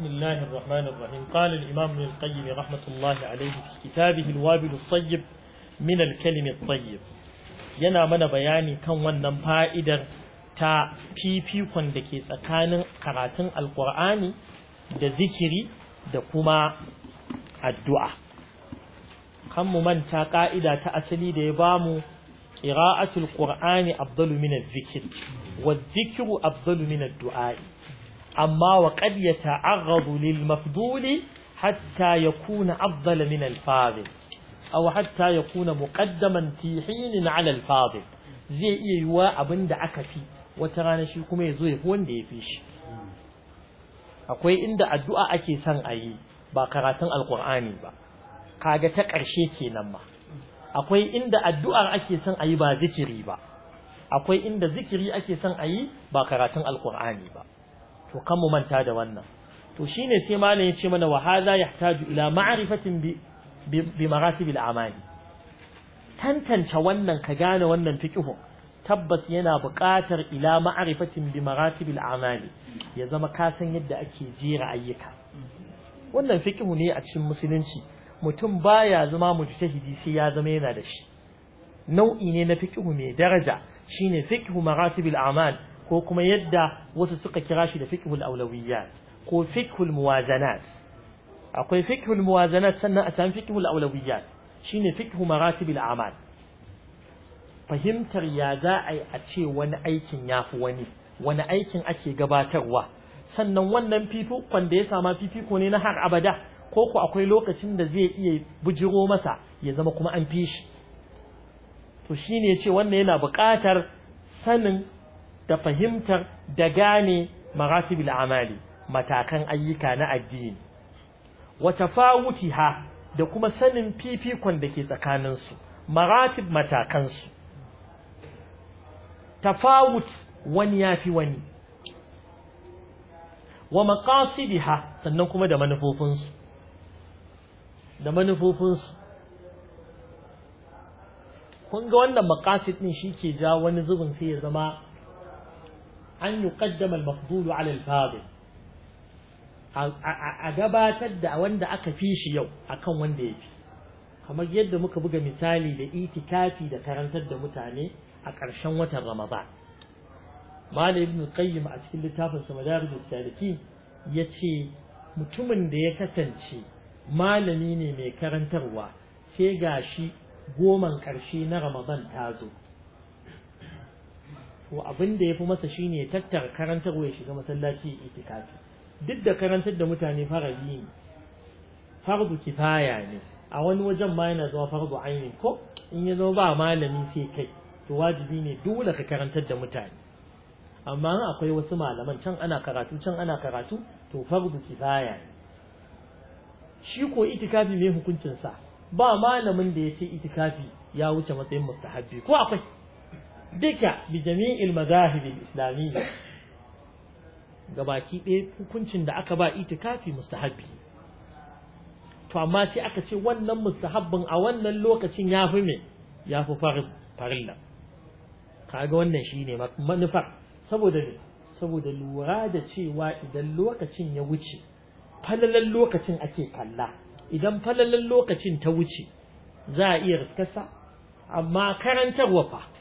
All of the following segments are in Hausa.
بسم الله الرحمن الرحيم قال الإمام ابن القيم رحمة الله عليه في كتابه الوابل الصيب من الكلم الطيب yana mana bayani kan wannan fa'idar ta fifikon da ke tsakanin karatun alƙur'ani da zikiri da kuma addu'a kan mu manta ƙa'ida ta asali da ya bamu ƙira'atul ƙur'ani abdalu min zikir wa zikiru amma wa qad yata'aghadu lil mafduli hatta kuna afdala min al fadil aw hatta ya muqaddaman fi hinin ala al fadil zai iya yiwa abinda aka fi wata rana shi kuma yazo ya fi wanda ya fi shi akwai inda addu'a ake son a yi ba karatun alkur'ani ba kaga ta ƙarshe kenan ma akwai inda addu'ar ake son a yi ba zikiri ba akwai inda zikiri ake son a yi ba karatun Alƙur'ani ba to kan mu manta da wannan to shine sai malam ya ce mana wa hadha yahtaju ila ma'rifatin bi bi maratibil tantance wannan ka gane wannan fiqhu tabbas yana buƙatar ila ma'rifatin bi maratibil amali ya zama ka san yadda ake jera ayyuka wannan fiqhu ne a cikin musulunci mutum baya zama mujtahidi sai ya zama yana da shi nau'i ne na fiqhu mai daraja shine fiqhu maratibil amal ko kuma yadda wasu suka kira shi da fiqhul awlawiyat ko fiqhul muwazanat akwai fiqhul muwazanat sannan a san fiqhul awlawiyat shine fiqhu maratibil a'mal fahimtar ya za a yi a ce wani aikin ya fi wani wani aikin ake gabatarwa sannan wannan fifikon da ya sama fifiko ne na har abada ko ku akwai lokacin da zai iya bujiro masa ya zama kuma an fi shi to shine ya ce wannan yana buƙatar sanin da fahimtar da gane maratibul amali matakan ayyuka na addini wa tafawutiha da kuma sanin fifikon da ke tsakanin su maratib matakan su tafawut wani yafi wani wa maqasidiha sannan kuma da manufofin su da manufofin su kun ga wannan maqasid din shike ja wani zubin sai ya zama an yi al-mafdul ala al a gabatar da wanda aka fi shi yau akan wanda ya fi kamar yadda muka buga misali da itikafi da karantar da mutane a ƙarshen watan Ramadan Malam Ibn a cikin littafin sa Madarijus ya ce mutumin da ya kasance malami ne mai karantarwa sai gashi goman ƙarshe na Ramadan ta zo to abin da ya fi masa shine ya tattara karantarwa ya shiga masallaci itikafi duk da karantar da mutane fara ne fardu kifaya ne a wani wajen ma yana zama fardu aini ko in ya zama ba malami sai kai to wajibi ne dole ka karantar da mutane amma in akwai wasu malaman can ana karatu can ana karatu to fardu kifaya ne shi ko itikafi mai hukuncin sa ba malamin da ya ce itikafi ya wuce matsayin mustahabbi ko akwai duka bi jami'il madahib al-islamiyya gabaki ɗaya hukuncin da aka ba itikafi mustahabbi to amma sai aka ce wannan mustahabbin a wannan lokacin ya fi me yafi farilla kaga wannan shine manufar saboda ne saboda lura da cewa idan lokacin ya wuce falalan lokacin ake kalla idan falalan lokacin ta wuce za a iya riskasa amma karantarwa fa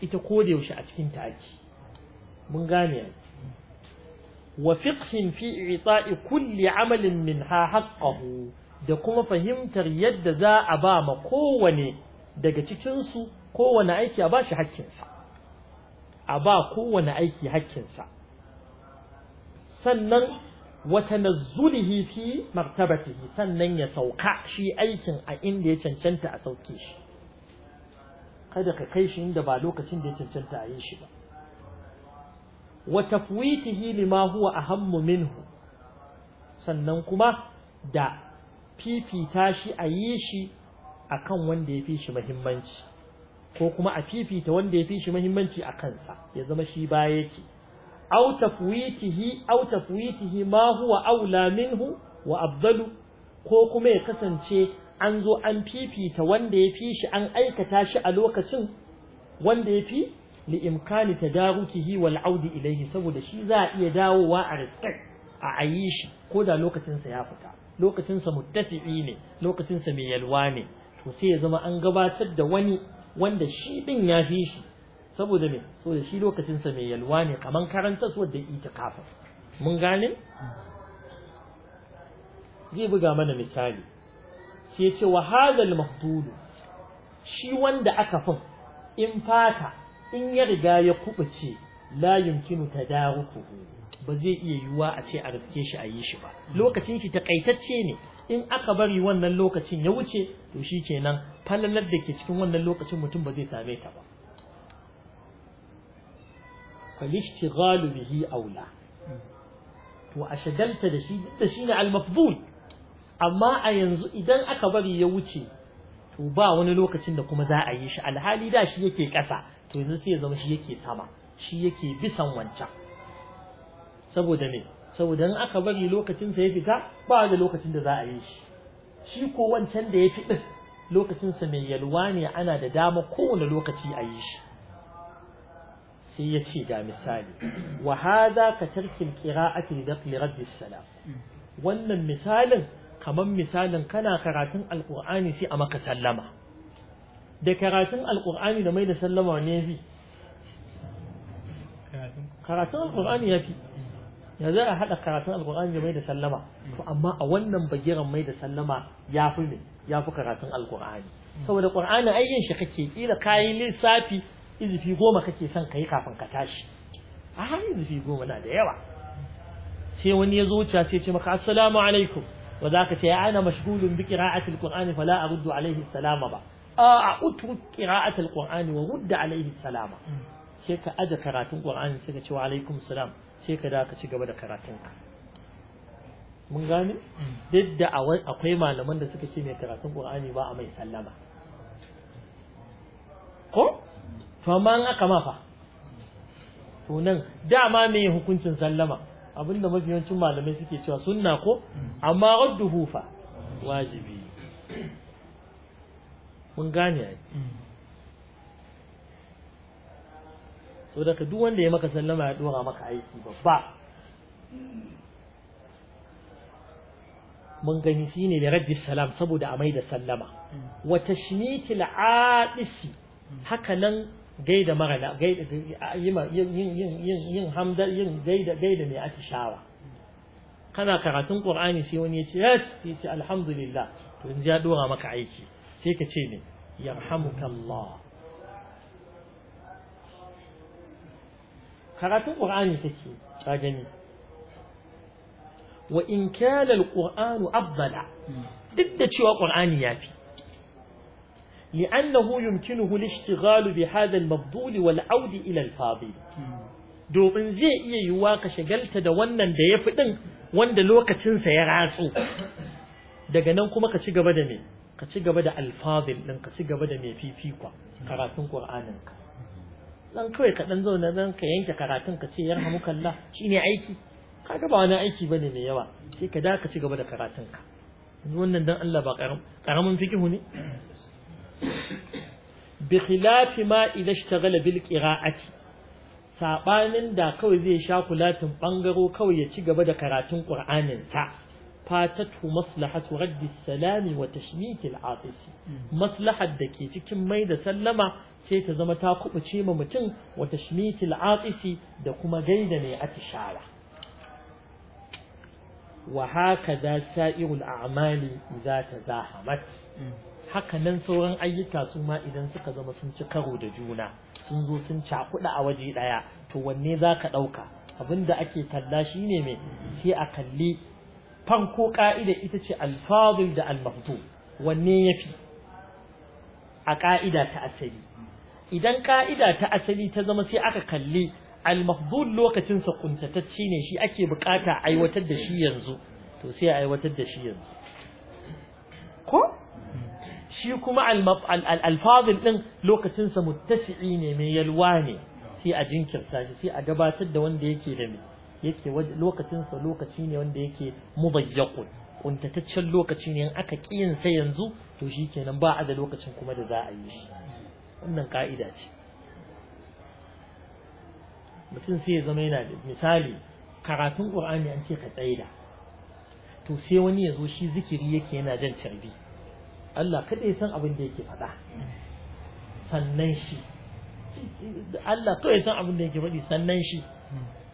ita ko da yaushe a cikin ta ake mun gane wa fiqhin fi i'ta'i kulli amalin minha haqqahu da kuma fahimtar yadda za a ba ma kowane daga cikin su kowane aiki a ba shi a ba kowane aiki hakkinsa sannan watanazzulihi fi martabatihi sannan ya sauka shi aikin a inda ya cancanta a sauke shi kada ka kai shi inda ba lokacin da ya cancanta a yi shi ba wa tafwitihi lima huwa ahammu minhu sannan kuma da fifita shi a yi shi akan wanda ya fi shi muhimmanci ko kuma a fifita wanda ya fi shi muhimmanci a kansa ya zama shi baya yake aw tafwitihi aw tafwitihi ma huwa aula minhu wa afdalu ko kuma ya kasance an zo an fifita wanda ya fi shi an aikata shi a lokacin wanda ya fi li imkani tadarukihi wal audi ilaihi saboda shi za a iya dawowa a rikai a ayi shi ko da lokacin sa ya fita lokacin sa muttafi'i ne lokacin sa mai yalwa ne to sai ya zama an gabatar da wani wanda shi din ya fi shi saboda me da shi lokacin sa mai yalwa ne kaman karantas da itikafa mun gane zai buga mana misali sai ya ce wa hadal mahdulu shi wanda aka fa in fata in ya riga ya kubuce la yumkinu tadarukuhu ba zai iya yiwuwa a ce a riske shi a yi shi ba lokacin shi takaitacce ne in aka bari wannan lokacin ya wuce to shi kenan falalar da ke cikin wannan lokacin mutum ba zai same ta ba falishtighalu bihi aula to a shagalta da shi da shi ne al-mafdhul amma a yanzu idan aka bari ya wuce to ba wani lokacin da kuma za a yi shi alhali da shi yake ƙasa to yanzu sai ya zama shi yake sama shi yake bisan wancan saboda me saboda in aka bari lokacin sa ya fita ba da lokacin da za a yi shi shi ko wancan da ya fi din lokacin sa mai yalwa ne ana da dama kowane lokaci a yi shi sai ya ce ga misali wa hadha ka tarkil qira'ati li dafli rabbis salam wannan misalin kamar misalin kana karatun alkur'ani sai a maka sallama da karatun Alƙur'ani da mai da sallama ne fi karatun Alƙur'ani ya fi ya za a haɗa karatun Alƙur'ani da mai da sallama to amma a wannan bagiran mai da sallama ya fi ne ya fi karatun Alƙur'ani. saboda qur'ani ayyin shi kake kila kayi lissafi izifi goma kake son kai kafin ka tashi a izifi goma na da yawa sai wani ya zo wuce sai ya ce maka assalamu alaikum ba za ka ce ya ana mashgulun bi qira'atil qur'ani fala aruddu alaihi salama ba a utruk wa salama sai ka aje karatun qur'ani sai ka ce wa alaikum salam sai ka da ka ci gaba da karatun ka mun gane duk da akwai malaman da suka ce mai karatun qur'ani ba a mai sallama ko to amma an aka ma to nan dama me hukuncin sallama abinda mafi yawancin malamai suke cewa sunna ko amma radduhu fa wajibi mun gane ai so daga duk wanda ya maka sallama ya dora maka aiki babba mun gani shine da raddi salam saboda a mai da sallama wata tashmitil aisi haka nan gaida mara yi ma yin yin yin yin yin hamda gaida gaida mai atishawa kana karatun qur'ani sai wani yace yes sai ce alhamdulillah to yanzu ya dora maka aiki sai ka ce ne yarhamukallah karatun qur'ani take ka gani wa in kana alqur'anu afdala duk da cewa qur'ani yafi لأنه يمكنه galibi بهذا المبذول والعود إلى الفاضل domin zai iya yiwuwa ka shagalta da wannan da ya fi ɗin wanda lokacinsa ya ratsu daga nan kuma ka ci gaba da me ka ci gaba da alfazil ɗin ka ci gaba da mai fifikwa karatun ƙur'aninka dan kawai ka ɗan zauna dan ka yanke karatun ka ce yarhamukallah shine aiki kaga ba wani aiki bane mai yawa sai ka da ka ci gaba da karatunka wannan dan Allah ba karamin fikihu ne bi khilafi ma idan ishtaghala bil qira'ati Saɓanin da kawai zai sha kulatin ɓangaro kawai ya ci gaba da karatun qur'anin sa fatatu maslahatu raddi salami wa tashmit al maslahar da ke cikin mai da sallama sai ta zama ta kubuce ma mutum wa tashmit al da kuma gaida mai atishara wa hakaza sa'irul Amani a'mali idza tazahamat haka nan sauran ayyuka su ma idan suka zama sun ci karo da juna sun zo sun cakuɗa a waje ɗaya to wanne za ka ɗauka abin da ake kalla shi ne mai sai a kalli fanko ƙa'ida ita ce alfadul da almafdu wanne ya fi a ƙa'ida ta asali idan ƙa'ida ta asali ta zama sai aka kalli almafdul lokacinsa kuntatacce ne shi ake buƙata aiwatar da shi yanzu to sai a aiwatar da shi yanzu ko shi kuma alfazil ɗin lokacinsa muttasi'i ne mai yalwa ne sai a jinkirta shi sai a gabatar da wanda yake da yake lokacinsa lokaci ne wanda yake mubayyakun kuntataccen lokaci ne in aka ki sa yanzu to shi kenan ba a da lokacin kuma da za a yi shi wannan ka'ida ce mutum sai ya zama yana da misali karatun ƙur'ani an ce ka tsaida to sai wani ya zo shi zikiri yake yana jan carbi Allah kada ya san abin da yake faɗa sannan shi Allah kawai ya san abin da yake faɗi sannan shi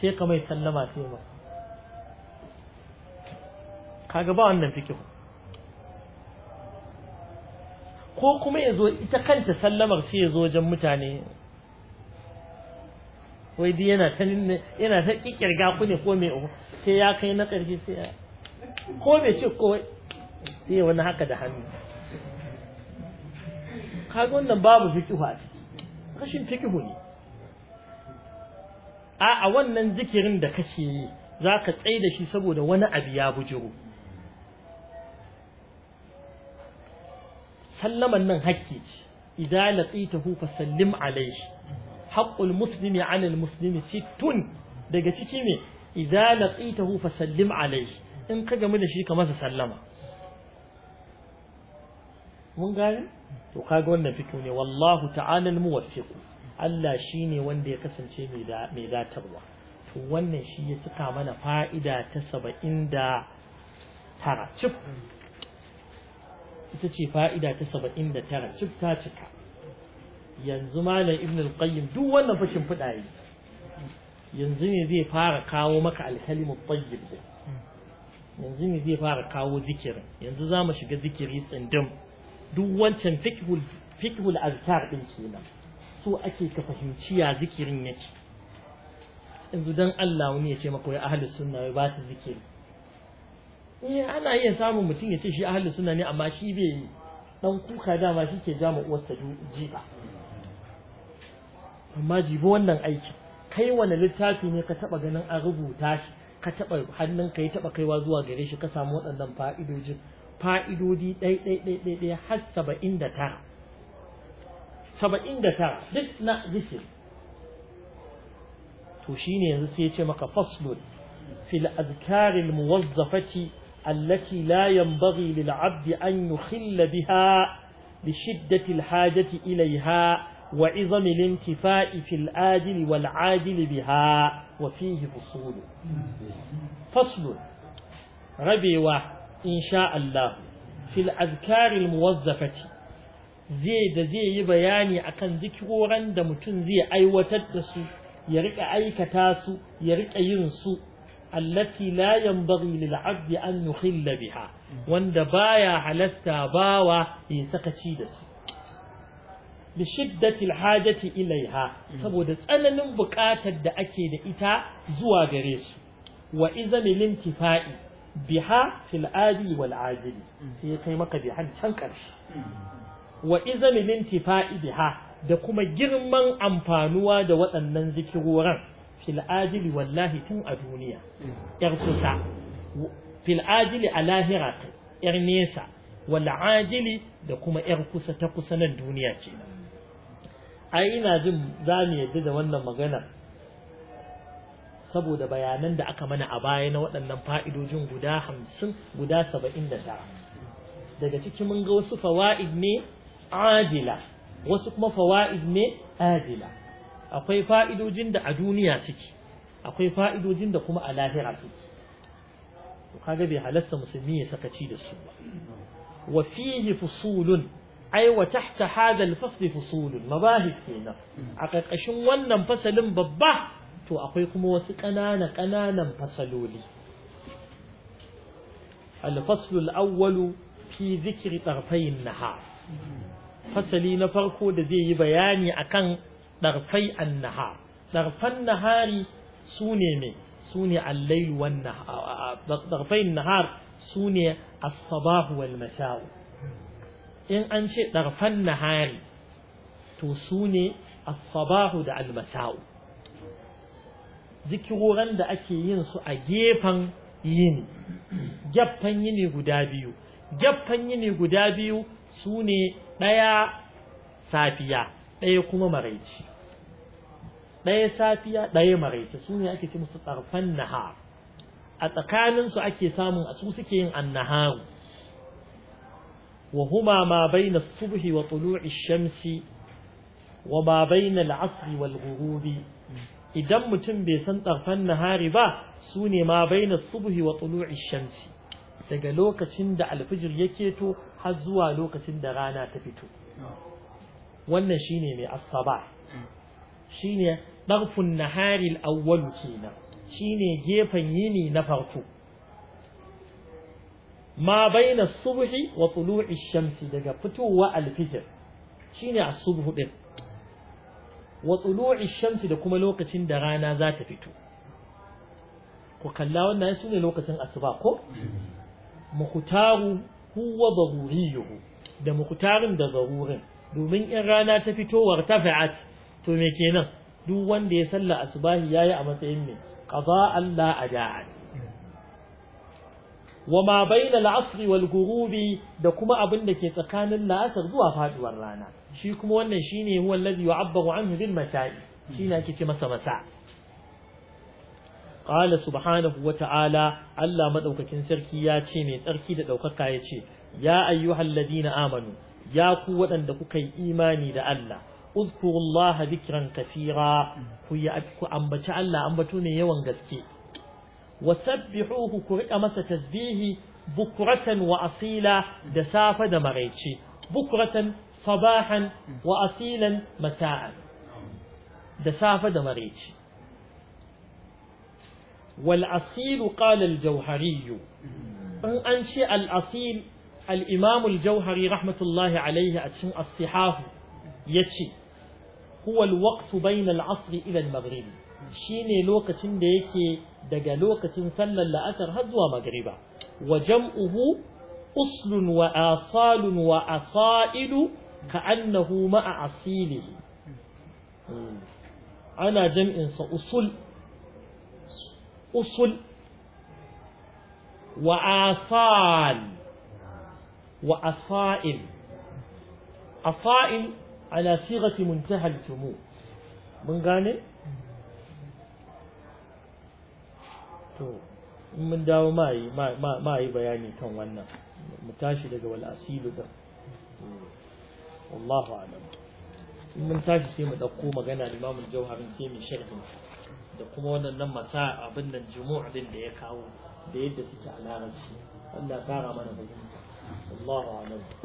sai ka mai sallama sai ba kaga ba wannan fikihu ko kuma ya zo ita kanta sallamar sai ya zo wajen mutane wai dai yana ta yana ta kikirga ku ne ko me sai ya kai na ƙarshe sai ya. ko me ce ko sai wani haka da hannu kaga wannan babu fiqhu a ciki kashin fiqhu ne a a wannan zikirin da kake yi zaka tsai da shi saboda wani abu ya bujuru. sallaman nan hakki ce idza laqitahu fa sallim alayhi haqqul muslimi 'ala al-muslimi sittun daga ciki ne idza laqitahu fa sallim alayhi in ka gamu da shi ka masa sallama mun gane to kaga wannan fito ne wallahu ta'ala al-muwaffiq Allah shine wanda ya kasance mai da mai datarwa to wannan shi ya cika mana fa'ida ta 79 cif ita ce fa'ida ta 79 cif ta cika yanzu malam ibn al-qayyim duk wannan fashin fudaye yanzu ne zai fara kawo maka al-kalimu tayyib yanzu ne zai fara kawo zikirin yanzu za mu shiga zikiri tsindim duk wancan fikhul fiqhul azkar din kenan so ake ka fahimci ya zikirin yake yanzu dan Allah wani ya ce maka wai ahlus sunna ba su zikiri eh ana iya samun mutum ya ce shi ahlus sunna ne amma shi bai dan kuka dama shi ke jama uwarsa jiba amma jibi wannan aiki kai wani littafi ne ka taba ganin an rubuta shi ka taba hannun ka ya taba kaiwa zuwa gare shi ka samu waɗannan fa'idojin fa'idodi ɗai-ɗai-ɗai har saba'in da tara saba'in duk na zikir to shine yanzu sai ya ce maka faslun fil azkaril muwazzafati التي لا ينبغي للعبد أن يخل بها لشدة الحاجة إليها وعظم الانتفاء في الآجل والعاجل بها وفيه فصول فصل ربيوة in sha Allah fil azkaril muwazzafati zai da zai yi bayani akan zikiroran da mutum zai aiwatar da su ya rika aikata su ya rika yin su allati la yanbaghi lil 'abdi an yukhilla biha wanda baya halasta bawa ya ci da su bi shiddatil hajati ilaiha saboda tsananin buƙatar da ake da ita zuwa gare su wa izamil intifa'i biha fil adi wal ajili sai kai maka bihan can karshe wa izami lintifa'i biha da kuma girman amfanuwa da waɗannan zikiroran fil wallahi tun a duniya yar kusa fil a lahira yar nesa wal ajili da kuma yar kusa ta kusa nan duniya ce A ina jin za mu yadda da wannan maganar. saboda bayanan da aka mana a baya na waɗannan fa'idojin guda hamsin guda saba'in da tara daga ciki mun ga wasu fawa'id ne adila wasu kuma fawa'id ne adila akwai fa'idojin da a duniya suke akwai fa'idojin da kuma a lahira suke kaga bai halarta musulmi ya sakaci da su ba wa fihi fusulun ai wa tahta hadha al fusulun kenan a ƙarƙashin wannan fasalin babba to akwai kuma wasu ƙanana ƙananan fasaloli alfaslul awwalu fi zikri tarfayin Naha. fasali na farko da zai yi bayani akan darfai an Naha. Ɗarfan nahari su ne ne su ne allai wan nahar su ne wal masha'u in an ce Ɗarfan nahari to su ne as da al zikiroran da ake yin su a gefen yini gefen yini guda biyu gefen yini guda biyu su ne ɗaya safiya ɗaya kuma maraici ɗaya safiya ɗaya maraici su ne ake ce musu tsarfan a tsakaninsu ake samun a su suke yin annaharu وهما ما بين الصبح وطلوع الشمس وما بين العصر والغروب idan mutum bai san tsarfan nahari ba su ne ma baina subuhi wa tulu'i shamsi daga lokacin da alfijir ya keto har zuwa lokacin da rana ta fito wannan shine mai asaba shine darfun nahari al-awwal kenan shine gefen yini na farko ma baina subuhi wa tulu'i shamsi daga fitowa alfijir shine a subuhu ɗin. wa tulu'i shamsi da kuma lokacin da rana za ta fito ku kalla wannan su ne lokacin asuba ko mukhtaru huwa daruriyuhu da mukutarin da zarurin domin in rana ta fito wartafa'at to me kenan duk wanda ya salla asubahi yayi a matsayin me qada Allah ada'an wa ma bainal da kuma abin da ke tsakanin la'asar zuwa faduwar rana shi kuma wannan shine huwa alladhi yu'abbaru anhu bil mata'i shine ake ce masa mata qala subhanahu wa ta'ala Allah madaukakin sarki ya ce mai tsarki da daukaka ya ce ya ayyuhal ladina amanu ya ku waɗanda kuka yi imani da Allah uzkurullaha dhikran kafira ku ambaci Allah ambato ne yawan gaske وسبحوه كريك أمسا تزبيه بكرة واصيلا دسافة دمريتشي بكرة صباحا وأصيلا مساء دسافة دمريتشي والأصيل قال الجوهري أنشئ الأصيل الإمام الجوهري رحمة الله عليه أتشم الصحاه يشي هو الوقت بين العصر إلى المغرب shine lokacin da yake daga lokacin sallar la'asar har zuwa magariba. wa jam'uhu uslun wa asalun wa asaidu ka'annahu ma'a asilihi ana jam'in sa usul usul wa asal wa asail asail ala sighati muntaha al-jumu' mun gane to in mun dawo mai mai bayani kan wannan mu tashi daga wal asilu da wallahu alam in mun tashi sai mu dauko magana Imam Jauharin sai mu sharhi da kuma wannan masa abin nan jumu' din da ya kawo da yadda suke a larabci Allah ya kara mana bayani wallahu alam